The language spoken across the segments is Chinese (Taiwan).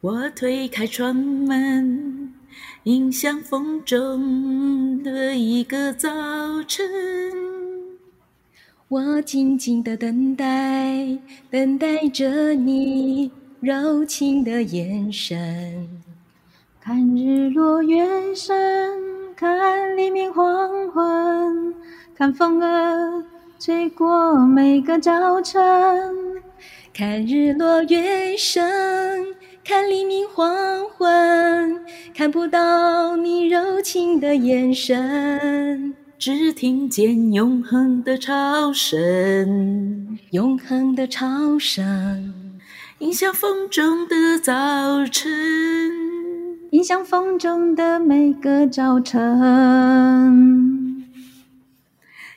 我推開窗門，迎向風中的一個早晨。我靜靜地等待，等待着你柔情的眼神。看日落月升，看黎明黃昏，看風兒吹過每個早晨。看日落月升。看黎明黃昏，看不到你柔情的眼神，只聽見永恆的潮聲，永恆的潮聲，迎向風中的早晨，迎向風中的每個早晨。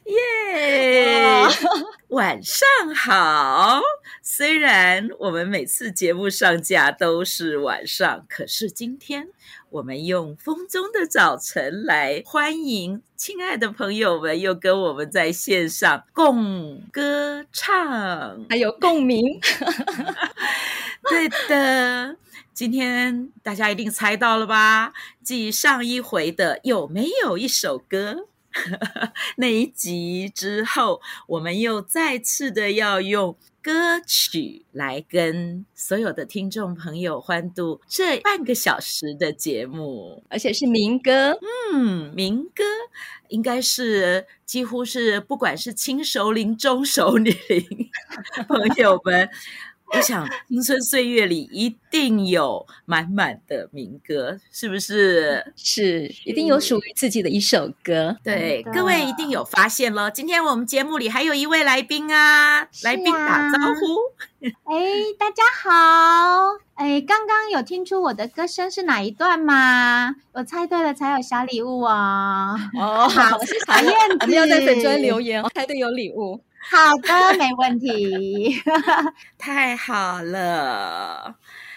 耶！yeah, oh. 晚上好。雖然我們每次節目上架都是晚上，可是今天我們用《風中的早晨》來歡迎親愛的朋友們，又跟我們在線上共歌唱，還有共鳴。 對的，今天大家一定猜到了吧？繼上一回的有沒有一首歌？ 那一集之後，我們又再次的要用。歌曲來跟所有的聽眾朋友歡度這半個小時的節目，而且是民歌，嗯，民歌應該是幾乎是不管是輕熟齡、中熟齡 朋友們。 我想，青春歲月裡一定有滿滿的民歌，是不是？是，一定有屬於自己的一首歌。對，各位一定有發現咯。今天我們節目裡還有一位來賓啊，啊，來賓打招呼。哎，大家好！哎，剛剛有聽出我的歌聲是哪一段嗎？我猜對了才有小禮物哦。哦，好、 啊，我是小燕子，要、啊、在粉專留言哦，猜對有禮物。好的， 沒問題， 太好了。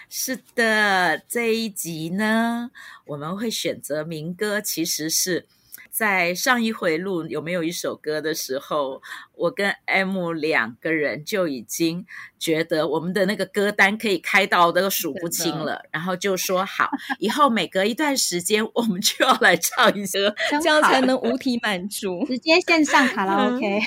是的，這一集呢，我們會選擇民歌，其實是在上一回錄有沒有一首歌的時候。我跟 M 兩個人就已經覺得我們的那個歌單可以開到那個數不清了，然後就說好，以後每隔一段時間我們就要來唱一首，這樣才能無題滿足，直接線上卡拉、嗯、OK。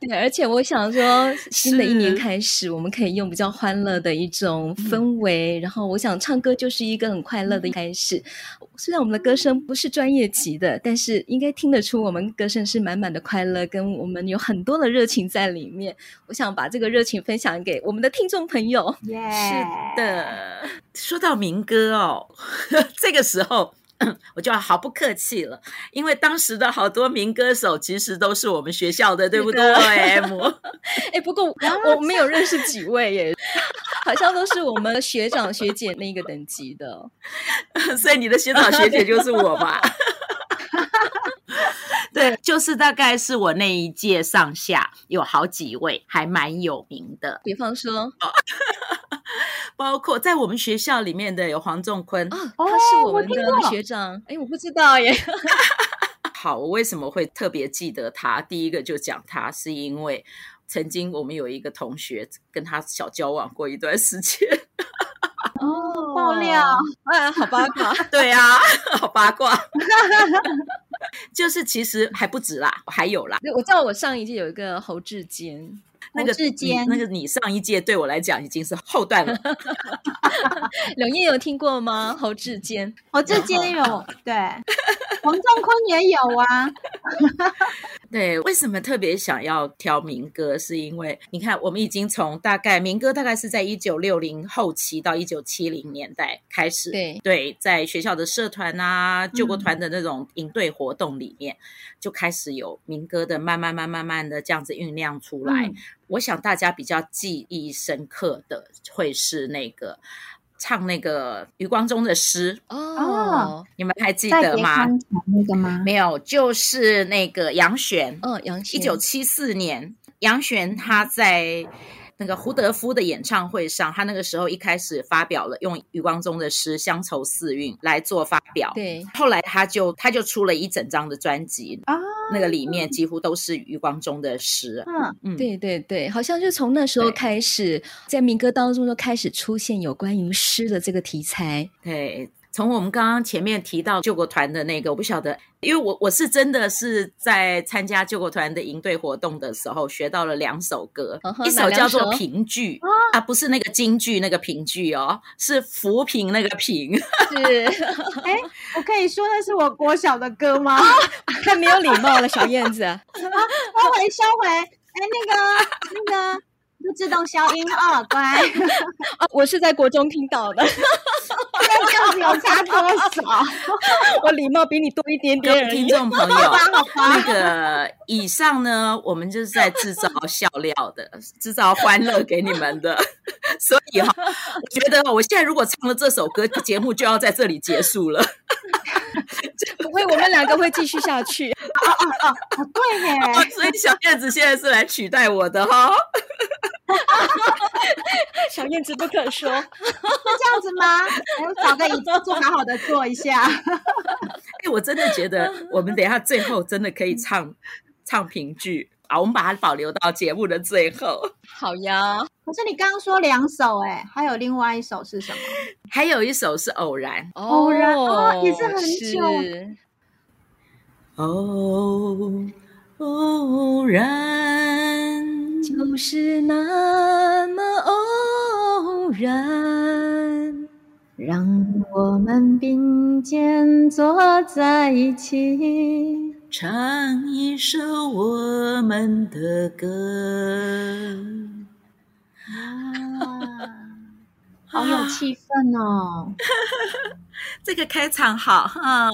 對，而且我想說，新的一年開始，我們可以用比較歡樂的一種氛圍，然後我想唱歌就是一個很快樂的一開始、嗯。雖然我們的歌聲不是專業級的，但是應該聽得出我們歌聲是滿滿的快樂，跟我們有。很多的熱情在裡面，我想把這個熱情分享給我們的聽眾朋友。Yeah. 是的，說到民歌哦，呵呵這個時候我就毫不客氣了，因為當時的好多民歌手其實都是我們學校的，的對不對？M，哎、 欸，不過我，我沒有認識幾位耶， 好像都是我們學長 學姐那個等級的，所以你的學長學姐就是我吧？ 對，就是大概是我那一屆上下有好幾位還蠻有名的，比方說， 包括在我們學校裡面的有黃仲坤，哦，他是我們的我學長，哎，我不知道耶。 好，我為什麼會特別記得他？第一個就講他，是因為曾經我們有一個同學跟他小交往過一段時間。 哦，爆料，嗯，好八卦， 對呀，啊，好八卦。 就是，其實還不止啦，還有啦。我知道我上一屆有一個侯志堅，那個志堅，那個你上一屆對我來講已經是後段了。冷 艷有聽過嗎？侯志堅，侯志堅有，對。 黃仲坤也有啊 ，對，為什麼特別想要挑民歌？是因為你看，我們已經從大概民歌大概是在一九六零後期到一九七零年代開始，對對，在學校的社團啊、救國團的那種營隊活動裡面，嗯、就開始有民歌的，慢慢、慢、慢慢的這樣子醞釀出來、嗯。我想大家比較記憶深刻的會是那個唱那個余光中的詩哦。哦、你們還記得嗎？那個嗎？沒有，就是那個楊弦。嗯、哦，楊弦。一九七四年，楊弦他在那個胡德夫的演唱會上，他那個時候一開始發表了用余光中的詩《鄉愁四韻》來做發表。對，後來他就他就出了一整張的專輯哦，那個裡面幾乎都是余光中的詩。嗯嗯，對對對，好像就從那時候開始，在民歌當中就開始出現有關於詩的這個題材。對。從我們剛剛前面提到救國團的那個，我不曉得，因為我我是真的是在參加救國團的營隊活動的時候，學到了兩首歌，呵呵一首叫做萍聚啊，不是那個京劇那個評劇哦，是浮萍那個萍。是哎，我可以說那是我國小的歌嗎？太、哦、沒有禮貌了，小燕子。啊、哦，收回，收回。哎，那個，那個。自動消音 哦，乖、啊，我是在國中聽到的，哈哈哈哈哈，跟舅舅我禮貌比你多一點點有，聽眾朋友， 那個。以上呢，我們就是在製造笑料的，製造歡樂給你們的。所以哈、哦，我覺得我現在如果唱了這首歌，節 目就要在這裡結束了。這不會， 我們兩個會繼續下去。好、 啊啊啊、對耶好，所以小燕子現在是來取代我的哈、哦。 小燕子不肯說， 那這樣子嗎？哎？我找個椅子坐，坐好好的坐一下。哎、 欸，我真的覺得我們等一下最後真的可以唱 唱萍聚啊，我們把它保留到節目的最後。好呀！可是你剛剛說兩首、欸，哎，還有另外一首是什麼？還有一首是偶然，偶然，oh, oh, 也是很久。哦。Oh, 偶然，就是那麼偶然。讓我們並肩坐在一起，唱一首我們的歌。啊，好有氣氛哦！ 這個開場好哈、啊，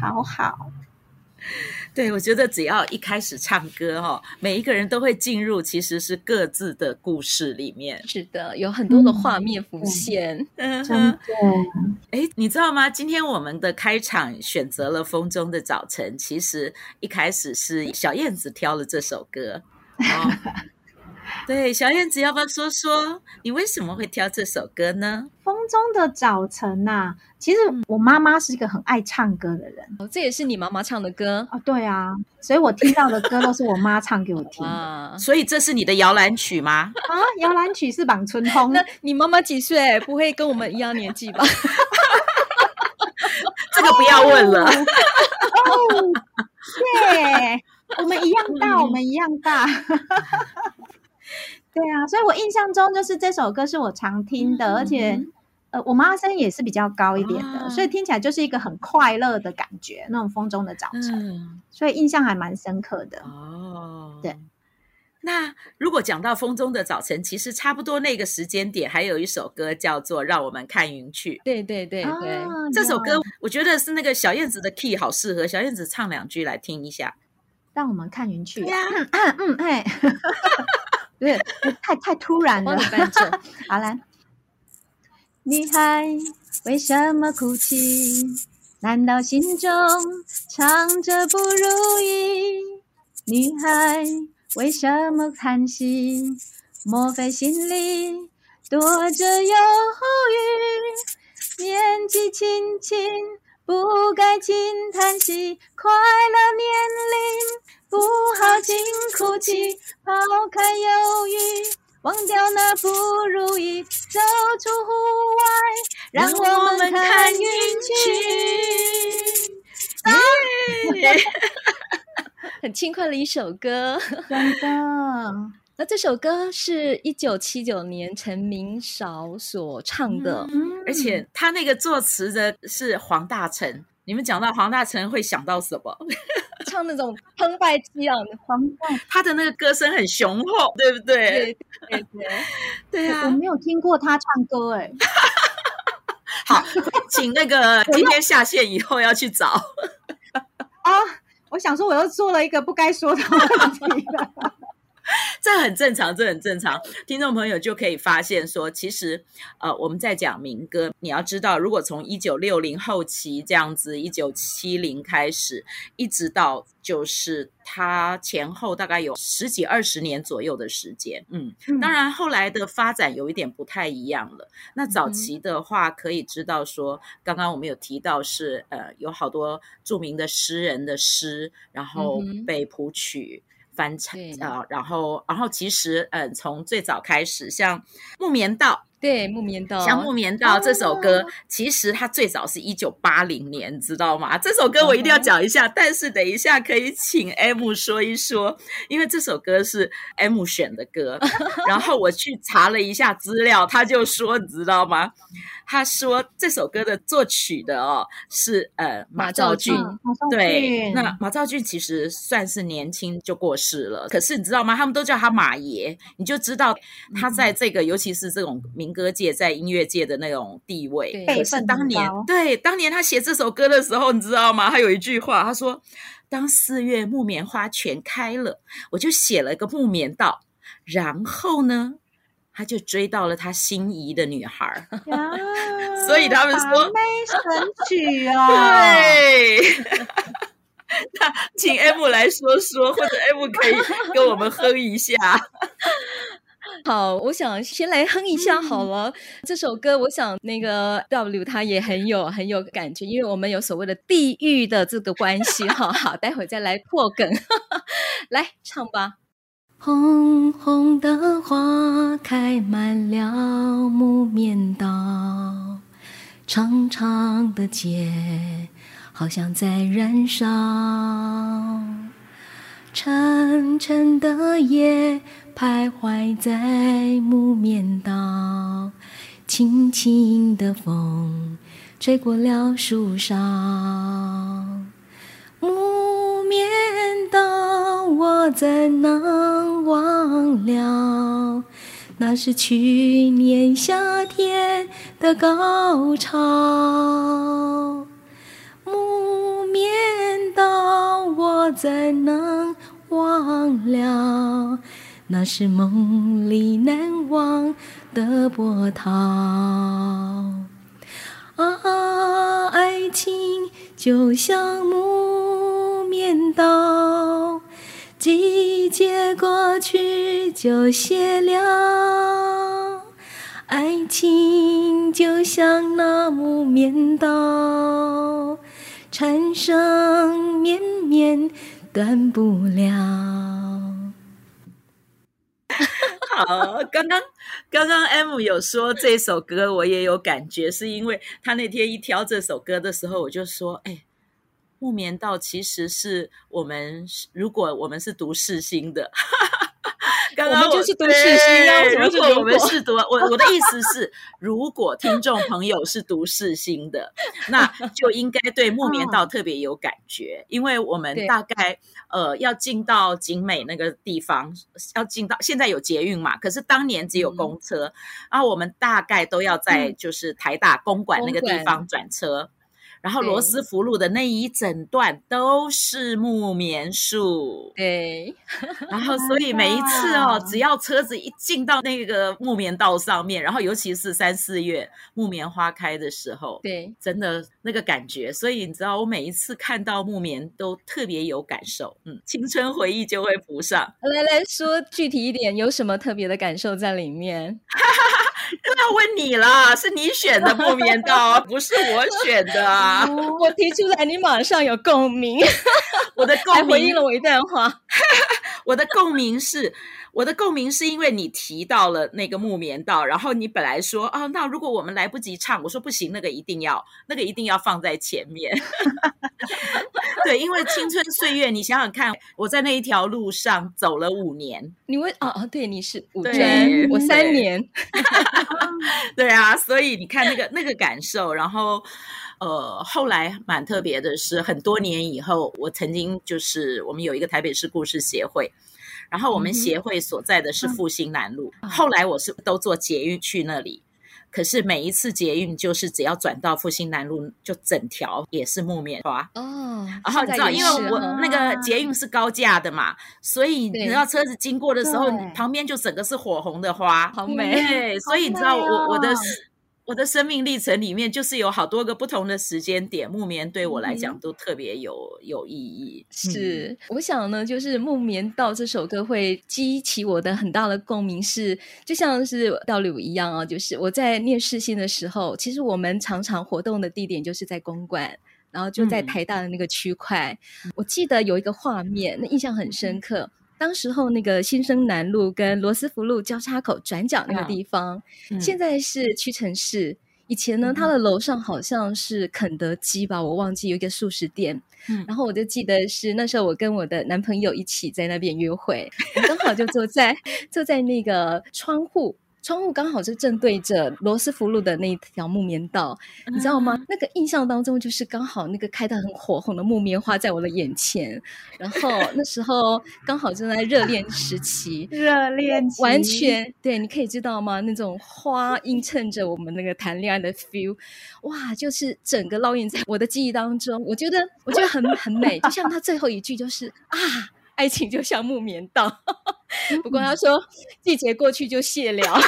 好好。對，我覺得只要一開始唱歌哦，每一個人都會進入，其實是各自的故事裡面。是的，有很多的畫面浮現。嗯，嗯嗯嗯嗯對。哎，你知道嗎？今天我們的開場選擇了《風中的早晨》，其實一開始是小燕子挑了這首歌。 對，小燕子要不要說說你為什麼會挑這首歌呢？風中的早晨吶、啊，其實我媽媽是一個很愛唱歌的人，哦，這也是你媽媽唱的歌啊？哦。對啊，所以我聽到的歌都是我媽唱給我聽、 啊。所以這是你的搖籃曲嗎？啊，搖籃曲是《望春風》。那你媽媽幾歲？不會跟我們一樣年紀吧？ 這個不要問了、哎。哦、哎，耶、 yeah, 嗯，我們一樣大，我們一樣大。對啊，所以我印象中就是這首歌是我常聽的，嗯、而且，嗯、呃，我媽聲音，也是比較高一點的、啊，所以聽起來就是一個很快樂的感覺，那種風中的早晨，嗯、所以印象還蠻深刻的哦。對，那如果講到風中的早晨，其實差不多那個時間點，還有一首歌叫做《讓我們看雲去》。對對對對、啊，這首歌我覺得是那個小燕子的 key 好適合，小燕子唱兩句來聽一下。讓我們看雲去、啊啊。嗯嗯嗯，哎。 不 太太突然了， 好，來。女孩為什麼哭泣？難道心中藏着不如意？女孩為什麼嘆息？莫非心裡躲着憂鬱？年紀輕輕不該輕嘆息，快樂年齡。盡情哭泣，拋開憂鬱，忘掉那不如意，走出戶外，讓我們看雲起啊！哎、 很輕快的一首歌，是的。那這首歌是一九七九年陳明韶所唱的、嗯，而且他那個作詞的是黃大城你們講到黃大城會想到什麼？唱那種澎湃激昂的，澎湃，他的那個歌聲很雄厚，對不對？對對對， 對啊我，我沒有聽過他唱歌哎。 好，請那個 今天下線以後要去找 啊！我想說，我又做了一個不該說的問題了。 這很正常，這很正常。聽眾朋友就可以發現說，其實，呃，我們在講民歌，你要知道，如果從一九六零後期這樣子，一九七零開始，一直到就是它前後大概有十幾二十年左右的時間，嗯，嗯，當然後來的發展有一點不太一樣了。那早期的話，可以知道說，嗯，剛剛我們有提到是，呃，有好多著名的詩人的詩，然後被譜曲。嗯翻唱啊，然後，然後其實，嗯、呃，從最早開始，像木棉道。對，《木棉道》像《木棉道》這首歌，oh. 其實它最早是一九八零年，知道嗎？這首歌我一定要講一下，okay. 但是等一下可以請 M 說一說，因為這首歌是 M 選的歌。 然後我去查了一下資料，他就說，你知道嗎？他說這首歌的作曲的哦是呃馬兆駿，駿。對，嗯、那馬兆駿其實算是年輕就過世了，可是你知道嗎？他們都叫他馬爺，你就知道他在這個，嗯、尤其是這種名。歌界在音樂界的那種地位，可是當年，對當年他寫這首歌的時候，你知道嗎？他有一句話，他說：“當四月木棉花全開了，我就寫了一個木棉道。”然後呢，他就追到了他心儀的女孩。 所以他們說，神曲啊！ 對，那 請 M 來說 說，或者 M 可以跟我們哼一下。 好，我想先來哼一下好了。嗯，這首歌，我想那個 W 他也很有很有感覺，因為我們有所謂的地域的這個關係哈。 好，待會再來破梗， 來唱吧。紅紅的花開滿了木棉道，長長的街好像在燃燒，沉沉的夜，徘徊在木棉道，輕輕的風吹過了樹梢。木棉道，我怎能忘了？那是去年夏天的高潮。木棉道，我怎能忘了？那是夢裡難忘的波濤，啊，愛情就像木棉道，季節過去就謝了。愛情就像那木棉道，纏纏綿綿斷不了。 好，剛剛剛剛 M 有說這首歌，我也有感覺，是因為他那天一挑這首歌的時候，我就說，哎，木棉道其實是我們，如果我們是讀世新的。 我們就是讀世新啊！如果我們是讀、啊，我我的意思是， 如果聽眾朋友是讀世新的，那就應該對木棉道特別有感覺，嗯、因為我們大概呃要進到景美那個地方，要進到現在有捷運嘛，可是當年只有公車、嗯，然後我們大概都要在就是台大公館那個地方轉車。嗯然後羅斯福路的那一整段都是木棉樹，對。然後所以每一次哦，只要車子一進到那個木棉道上面，然後尤其是三四月木棉花開的時候，對，真的那個感覺。所以你知道，我每一次看到木棉都特別有感受，嗯，青春回憶就會浮上來。來說具體一點，有什麼特別的感受在裡面？哈哈哈。就 要問你了，是你選的木棉道，不是我選的。我提出來，你馬上有共鳴。 我的共鳴回應了我一段話。 我的共鳴是，我的共鳴是因為你提到了那個木棉道，然後你本來說啊，那如果我們來不及唱，我說不行，那個一定要，那個一定要放在前面。 對，因為青春歲月，你想想看，我在那一條路上走了五年。你問哦哦，對，你是五年，嗯，我三年。 對啊，所以你看那個那個感受，然後呃，後來蠻特別的是，很多年以後，我曾經就是我們有一個台北市故事協會，然後我們協會所在的是復興南路，嗯，後來我是都坐捷運去那裡。可是每一次捷運就是只要轉到復興南路，就整條也是木棉花哦。然後你知道，因為我那個捷運是高架的嘛，嗯、所以你知道車子經過的時候，旁邊就整個是火紅的花，好美。對，好美，所以你知道我、哦、我的。我的生命歷程裡面，就是有好多個不同的時間點，木棉對我來講都特別有、嗯、有意義。是、嗯，我想呢，就是木棉道這首歌會激起我的很大的共鳴，是就像是道理一樣啊，就是我在念世新的時候，其實我們常常活動的地點就是在公館，然後就在台大的那個區塊、嗯。我記得有一個畫面，那印象很深刻。當時候那個新生南路跟羅斯福路交叉口轉角那個地方，哦嗯、現在是屈臣氏。以前呢、嗯，它的樓上好像是肯德基吧，我忘記有一個速食店。然後我就記得是那時候我跟我的男朋友一起在那邊約會，嗯、剛好就坐在 坐在那個窗戶。窗戶剛好是正對着羅斯福路的那一條木棉道，嗯，你知道嗎？那個印象當中就是剛好那個開得很火紅的木棉花在我的眼前，然後那時候剛好正在熱戀時期， 熱戀完全對，你可以知道嗎？那種花映襯着我們那個談戀愛的 feel，哇，就是整個烙印在我的記憶當中。我覺得我覺得很很美， 就像他最後一句就是啊。愛情就像木棉道， 不過他說季節過去就謝了，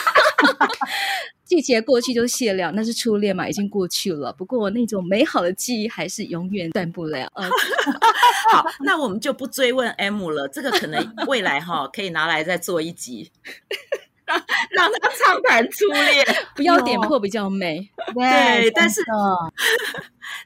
季節過去就謝了， 了，那是初戀嘛，已經過去了。不過那種美好的記憶還是永遠斷不了。啊、 好， 那我們就不追問 M 了， 這個可能未來哈、哦、可以拿來再做一集， 讓，讓他暢談初戀， 不要點破比較美。 對，對，但是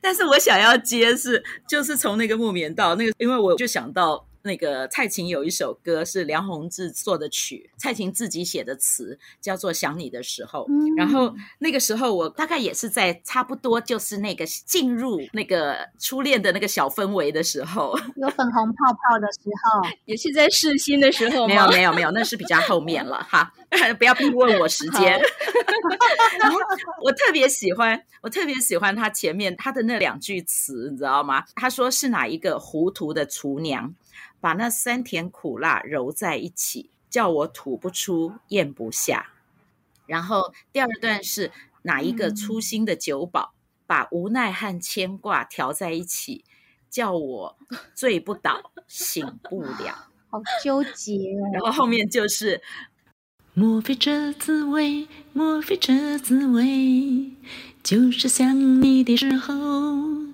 但是我想要接是就是從那個木棉道那個，因為我就想到。那個蔡琴有一首歌是梁弘志做的曲，蔡琴自己寫的詞，叫做《想你的時候》，嗯。然後那個時候，我大概也是在差不多就是那個進入那個初戀的那個小氛圍的時候，有粉紅泡泡的時候，也是在試心的時候嗎？沒有，沒有，沒有，那是比較後面了 哈。不要逼問我時間 我。我特別喜歡，我特別喜歡他前面他的那兩句詞，你知道嗎？他說是哪一個糊塗的廚娘？把那酸甜苦辣揉在一起，叫我吐不出、嚥不下。然後第二段是哪一個粗心的酒保？嗯、把無奈和牽掛調在一起，叫我醉不倒、 醒不了，好糾結。然後後面就是，莫非這滋味，莫非這滋味，就是想你的時候。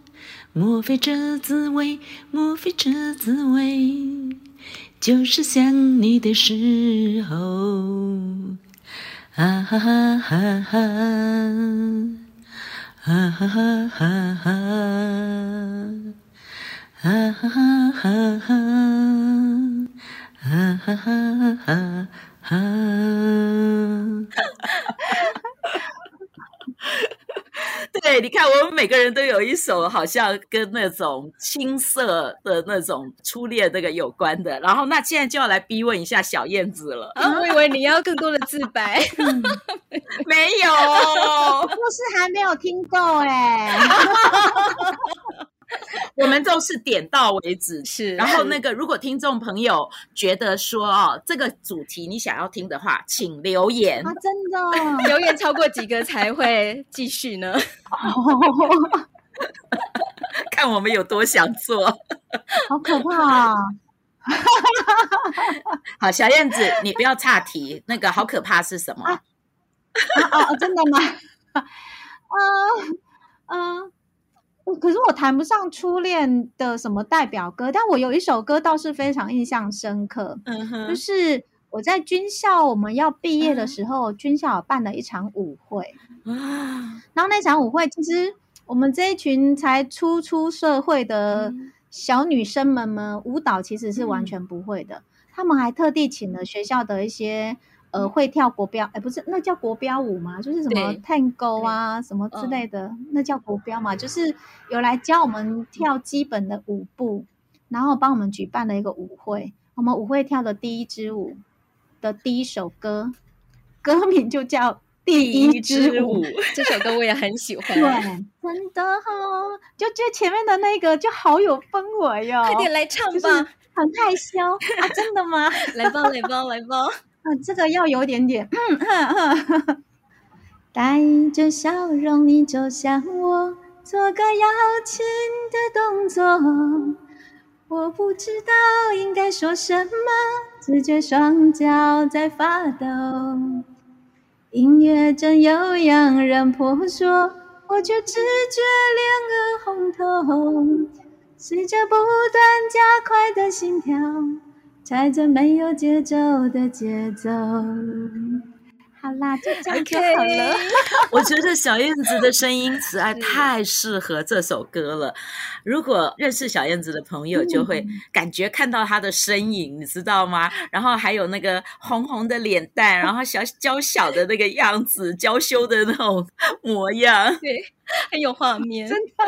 莫非這滋味，莫非這滋味，就是想你的時候。啊哈哈！啊哈哈！啊哈哈！啊哈哈！哈！哈哈！哈哈！哈哈！對，你看，我們每個人都有一首好像跟那種青澀的那種初戀那個有關的。然後，那現在就要來逼問一下小燕子了。嗯啊、我以為你要更多的自白， 嗯、沒有，就 是 還沒有聽夠哎、欸。 我 們就是點到為止，是。然後那個，如果聽眾朋友覺得說哦，這個主題你想要聽的話，請留言。啊，真的，留言超過幾個才會繼續呢？ 看我們有多想做，好可怕啊！ 好，小燕子，你不要岔題。那個好可怕是什麼？啊啊，啊，真的嗎？啊，啊。可是我談不上初戀的什麼代表歌，但我有一首歌倒是非常印象深刻，uh -huh. 就是我在軍校我們要畢業的時候，uh -huh. 軍校辦了一場舞會啊，uh -huh. 然後那場舞會其實我們這一群才初出社會的小女生們們，舞蹈其實是完全不會的，她、uh -huh. 們還特地請了學校的一些。呃，會跳國標，哎、欸，不是，那叫國標舞嘛，就是什麼探 o 啊，什麼之類的、嗯，那叫國標嘛。就是有來教我們跳基本的舞步、嗯，然後幫我們舉辦了一個舞會。我們舞會跳的第一支舞的第一首歌，歌名就叫第《第一支舞。》 這首歌我也很喜歡。 對真的哈、哦，就最前面的那個就好有氛圍喲。快點來唱吧，就是、很害羞 啊，真的嗎？來吧，來吧，來吧。啊，這個要有點點， 帶着笑容，你走向我，做個邀請的動作。我不知道應該說什麼，只覺雙腳在發抖。音樂正悠揚，人婆娑，我卻只覺臉兒紅透，隨着不斷加快的心跳。帶着沒有節奏的節奏。好啦，就唱就好了。Okay. 我覺得小燕子的聲音實在太適合這首歌了。如果認識小燕子的朋友，就會感覺看到她的身影，嗯，你知道嗎？然後還有那個紅紅的臉蛋， 然後小嬌小，小的那個樣子， 嬌羞的那種模樣。對。很 有畫畫面， 真的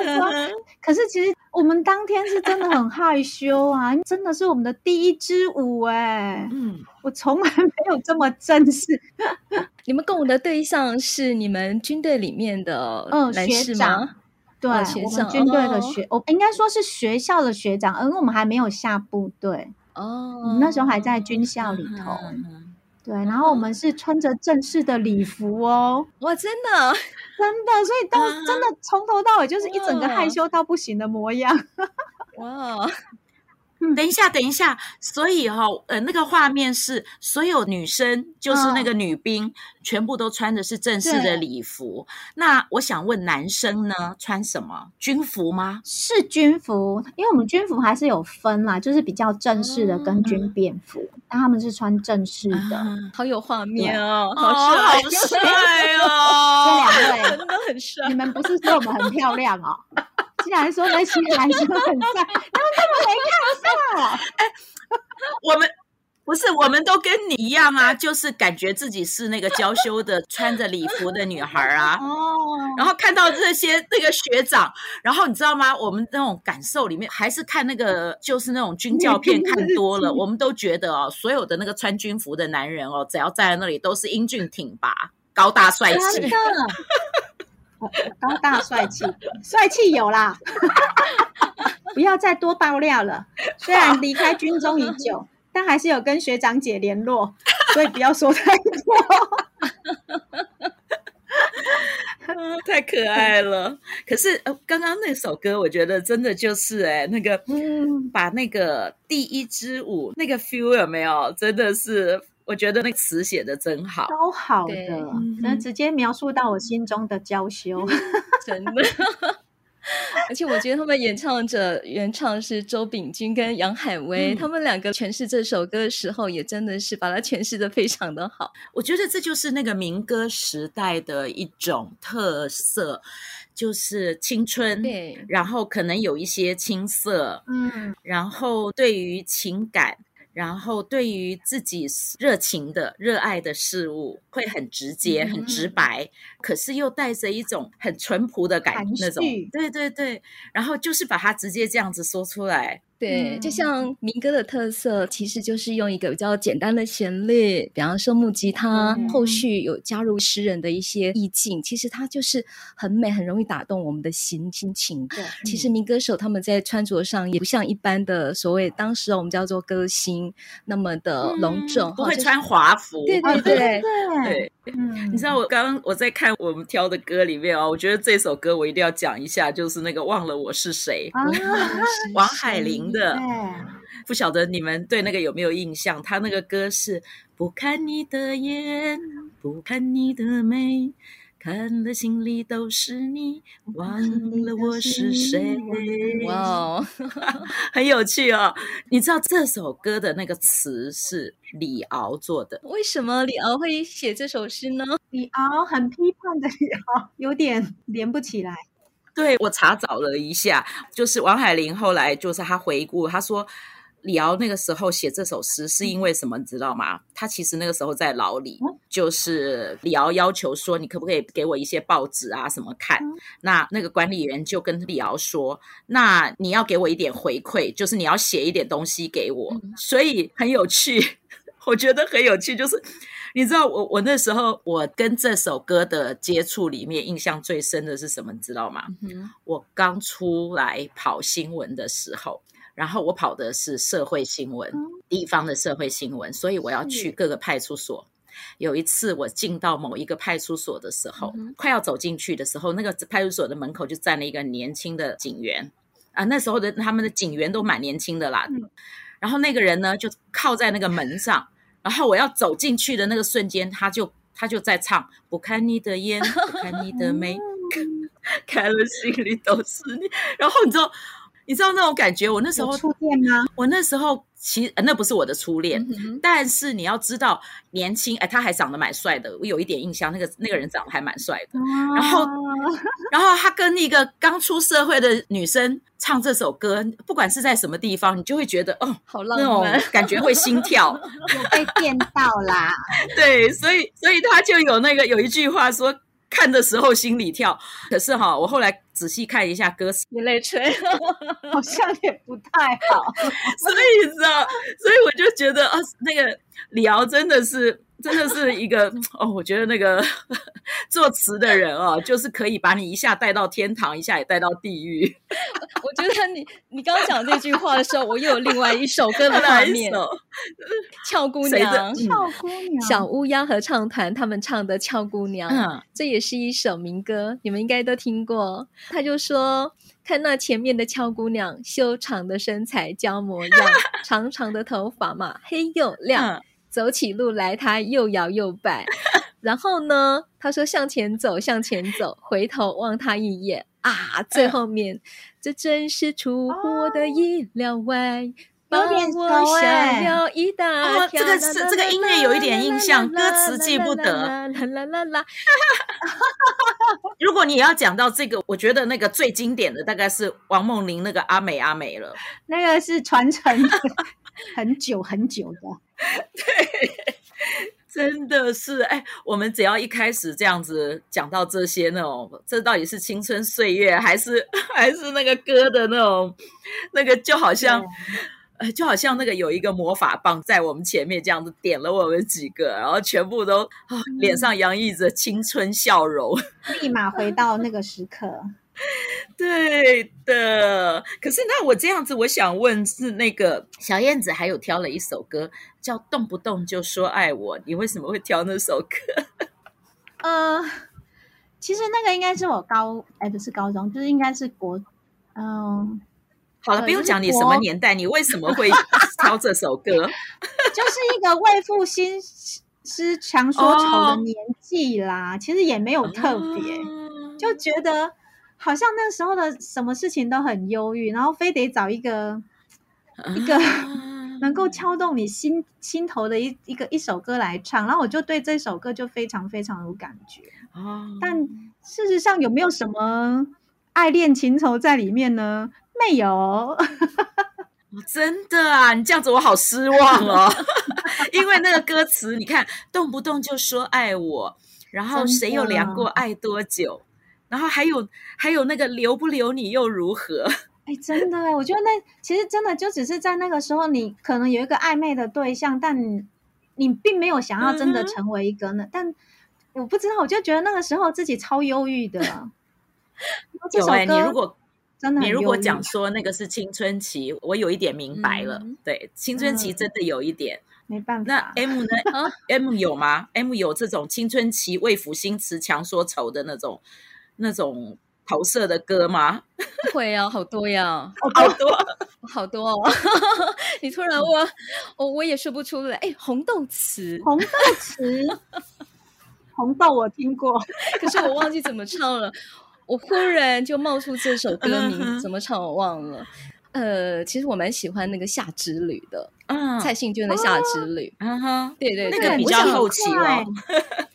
是。 可是其實我們當天是真的很害羞啊，真的是我們的第一支舞哎、欸。嗯， 我從來沒有這麼正式。 你們跟我的對象是你們軍隊裡面的嗎嗯學長？對，學、哦、長，軍隊的學，哦、我應該說是學校的學長，而我們還沒有下部隊哦，我們那時候還在軍校裡頭。嗯嗯嗯對，然後我們是穿着正式的禮服哦，哇、oh，真的，真的，所以當真的從頭到尾就是一整個害羞到不行的模樣，哇。 嗯、等一下，等一下，所以哈、哦，呃，那個畫面是所有女生、嗯，就是那個女兵，全部都穿的是正式的禮服。那我想問男生呢，穿什麼？軍服嗎？是軍服，因為我們軍服還是有分啦，就是比較正式的跟軍便服。但、嗯嗯、他們是穿正式的，嗯、好有畫面哦，哦，好帥，好帥哦！ 這兩位 真的很帥，你們不是說我們很漂亮哦。 竟然說那些男生都很帥， 他們根本沒看上哎、啊欸，我們不是，我們都跟你一樣啊，就是感覺自己是那個嬌羞的 穿着禮服的女孩啊。哦。然後看到這些那個學長，然後你知道嗎？我們那種感受裡面，還是看那個就是那種軍教片看多了， 我們都覺得哦，所有的那個穿軍服的男人哦，只要站在那裡都是英俊挺拔、高大帥氣 高大帥氣，帥氣有啦， 不要再多爆料了。雖然離開軍中已久，但還是有跟學長姐聯絡， 所以不要說太多。嗯、太可愛了， 可是、呃、剛剛那首歌，我覺得真的就是哎、欸，那個、嗯，把那個第一支舞那個 feel 有沒有？真的是。我覺得那詞寫得真好，都好的，能、嗯、直接描述到我心中的嬌羞，嗯、 真的。 而且我覺得他們演唱者， 原唱是周秉鈞跟楊海威、嗯，他們兩個詮釋這首歌的時候，也真的是把它詮釋得非常的好。我覺得這就是那個民歌時代的一種特色，就是青春，對，然後可能有一些青澀，嗯，然後對於情感。然後，對於自己熱情的、熱愛的事物，會很直接，很直白，嗯，可是又帶着一種很淳樸的感覺，那種對對對，然後就是把它直接這樣子說出來，對，嗯、就像民歌的特色，其實就是用一個比較簡單的旋律，比方說木吉他、嗯，後續有加入詩人的一些意境，其實它就是很美，很容易打動我們的心心情。對嗯、其實民歌手他們在穿着上也不像一般的所謂當時我們叫做歌星那麼的隆重，嗯，就是，不會穿華服、就是，對對對對。 對、嗯，你知道我剛剛我在看我們挑的歌裡面哦，我覺得這首歌我一定要講一下，就是那個《忘了我是誰》，啊、 王海玲的，不曉得你們對那個有沒有印象？他那個歌是不看你的眼，不看你的眉。看了心裡都是你，忘了我是誰。哇哦， 很有趣哦！你知道這首歌的那個詞是李敖做的？為什麼李敖會寫這首詩呢？李敖很批判的，李敖有點連不起來。對，我查找了一下，就是王海玲後來就是他回顧，他說。李敖那個時候寫這首詩是因為什麼、嗯？你知道嗎？他其實那個時候在牢裡，嗯、就是李敖要求說：“你可不可以給我一些報紙啊什麼看、嗯？”那那個管理員就跟李敖說：“那你要給我一點回饋，就是你要寫一點東西給我。嗯”所以很有趣，我覺得很有趣。就是你知道我，我我那時候我跟這首歌的接觸裡面，印象最深的是什麼？你知道嗎？嗯、我剛出來跑新聞的時候。然後我跑的是社會新聞、嗯，地方的社會新聞，所以我要去各個派出所。有一次我進到某一個派出所的時候、嗯，快要走進去的時候，那個派出所的門口就站了一個年輕的警員啊。那時候的他們的警員都蠻年輕的啦。嗯、然後那個人呢就靠在那個門上， 然後我要走進去的那個瞬間，他就他就在唱： 不看你的眼，不看你的眉，看 了心裡都是你。然後你就。你知道那種感覺？我那時候初戀啊！我那時候其實那不是我的初戀、嗯，但是你要知道，年輕哎、欸，他還長得蠻帥的。我有一點印象，那個那個人長得還蠻帥的、啊。然後，然後他跟那個剛出社會的女生唱這首歌，不管是在什麼地方，你就會覺得哦，好浪漫、啊，感覺會心跳， 我被電到啦！ 對，所以所以他就有那個有一句話說，看的時候心裡跳。可是哈、哦，我後來。仔細看一下歌詞，淚哈，好像也不太好， 所以啊，所以我就覺得啊、哦，那個李敖真的是。 真的是一個哦，我覺得那個作詞的人啊、哦，就是可以把你一下帶到天堂，一下也帶到地獄。 我，我覺得你你剛，剛講這句話的時候，我又有另外一首歌的畫面。俏姑娘，俏、嗯、姑娘，小烏鴉合唱團他們唱的《俏姑娘》，嗯，這也是一首民歌，你們應該都聽過。他就說：“看那前面的俏姑娘，修長的身材，嬌模樣、嗯，長長的頭髮嘛，黑又亮。嗯”走起路來，他又搖又擺， 然後呢，他說向前走，向前走，回頭望他一眼 啊，最後面，呃、這真是出乎我的意料外，把我嚇了一大跳、哦。這個是、這個、這個音樂有一點印象，歌詞記不得。啦啦啦啦 如果你要講到這個， 我覺得那個最經典的大概是王夢麟那個阿美阿美了，那個是傳承。 很久很久的，對，真的是哎，我們只要一開始這樣子講到這些那種，這到底是青春歲月，還是還是那個歌的那種，那個就好像、呃，就好像那個有一個魔法棒在我們前面，這樣子點了我們幾個，然後全部都、哦、臉上洋溢着青春笑容，立馬回到那個時刻。 對的，可是那我這樣子，我想問，是那個小燕子還有挑了一首歌叫《動不動就說愛我》，你為什麼會挑那首歌？呃，其實那個應該是我高哎，欸、不是高中，就是應該是國，嗯、呃，好了、嗯，不用講你什麼年代、就是，你為什麼會挑這首歌？ 就是一個為賦新詞強說愁的年紀啦、哦，其實也沒有特別，嗯、就覺得。好像那時候的什麼事情都很憂鬱，然後非得找一個、啊、一個能夠敲動你心心頭的一一個一首歌來唱，然後我就對這首歌就非常非常有感覺。哦，但事實上有沒有什麼愛戀情仇在裡面呢？沒有， 真的啊！你這樣子我好失望哦， 因為那個歌詞你看，動不動就說愛我，然後誰又量過愛多久？然後還有還有那個留不留你又如何？哎，真的，我覺得那其實真的就只是在那個時候，你可能有一個曖昧的對象，但你，你並沒有想要真的成為一個。那、嗯、但我不知道，我就覺得那個時候自己超憂鬱的。 這有哎、欸，你如果真的，你如果講說那個是青春期，我有一點明白了。嗯、對，青春期真的有一點、嗯、沒辦法。那 M 呢、嗯、？M 有嗎 ？M 有這種青春期為賦新詞強說愁的那種。那種桃色的歌嗎？ 會呀、啊，好多呀，okay. 好多， 好多哦！ 你突然問， 我我也說不出來。哎，紅豆詞，紅豆詞，紅豆我聽過， 可是我忘記怎麼唱了。 我忽然就冒出這首歌名，uh -huh. 怎麼唱我忘了。呃，其實我蠻喜歡那個《夏之旅》的，uh -huh. 蔡幸娟的《夏之旅》uh，嗯 -huh. 對，對對，那個比較後期哦。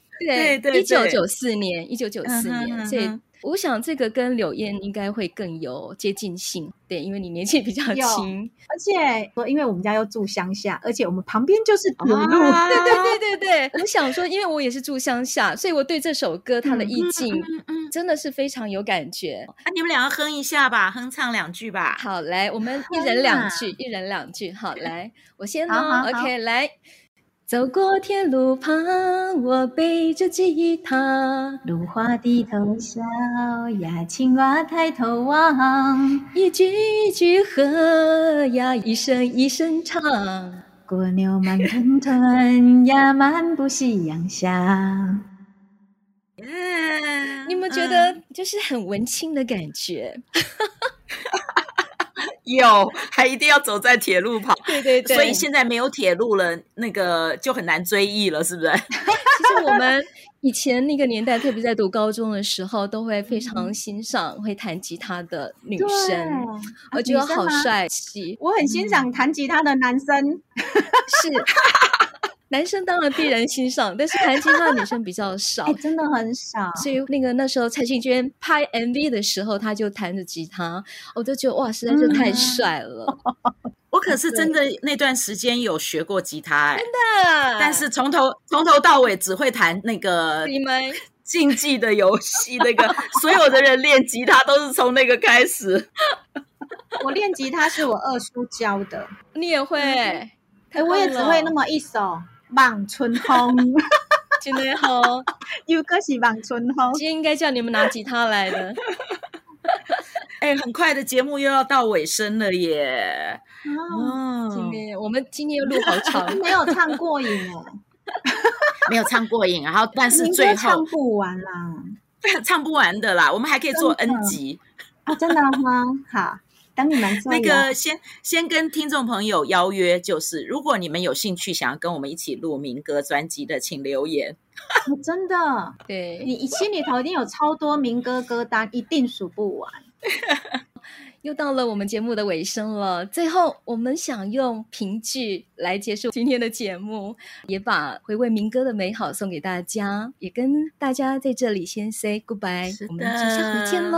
對，一九九四年，一九九四年，嗯。所以我想，這個跟柳燕應該會更有接近性，嗯，對，因為你年紀比較輕，而且說因為我們家又住鄉下，而且我們旁邊就是土路，啊，對對對對對。我想說，因為我也是住鄉下，所以我對這首歌它的意境，嗯嗯，真的是非常有感覺。啊，你們兩個哼一下吧，哼唱兩句吧。好，來，我們一人兩句，啊，一人兩句。好，來，我先呢，OK，來。走過天路旁，我背着吉他，蘆花低頭笑呀，青蛙抬頭望，一句一句和呀，一聲一聲唱，蝸牛慢騰騰 呀，漫步夕陽下。Yeah, 你有沒有覺得就是很文青的感覺。Uh. 有，還一定要走在鐵路旁。 對對對，所以現在沒有鐵路了，那個就很難追憶了，是不是？其實我們以前那個年代， 特別在讀高中的時候，都會非常欣賞會彈吉他的女生，我覺得好帥氣。啊，我很欣賞彈吉他的男生， 是。 男生當然必然欣賞， 但是彈吉他的女生比較少、欸，真的很少。所以那個那時候蔡幸娟拍 MV 的時候，他就彈着吉他，我就覺得哇，實在是太帥了。嗯、 我可是真的那段時間有學過吉他、欸，真的。但是從頭從頭到尾只會彈那個你們競技的遊戲， 那個所有的人練吉他都是從那個開始。 我練吉他是我二叔教的，你也會？哎、嗯，我也只會那麼一首。望春風， 今天好，又可是望春風。今天應該叫你們拿吉他來了、 欸。很快的節目又要到尾聲了耶！哦哦、今天我們今天又錄好長， 沒有唱過癮哦， 沒有唱過癮。然後，但是最後你唱不完啦、啊，唱不完的啦，我們還可以做 N 集 啊！真的嗎？好。你啊、那個先先跟聽眾朋友邀約，就是如果你們有興趣想要跟我們一起錄民歌專輯的，請留言。 哦、真的，對你心裡頭一定有超多民歌歌單， 一定數不完。 又到了我們節目的尾聲了，最後我們想用萍聚來結束今天的節目，也把回味民歌的美好送給大家，也跟大家在這裡先 say goodbye。我們下回見嘍！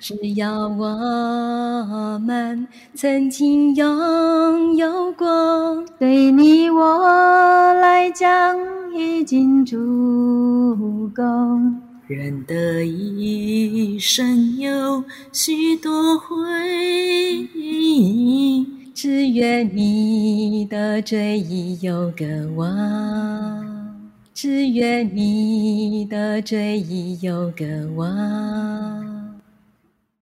只要我們曾經擁有過，對你我來講已經足夠。人的一生有許多回憶，只願你的追憶有個我，只願你的追憶有個我。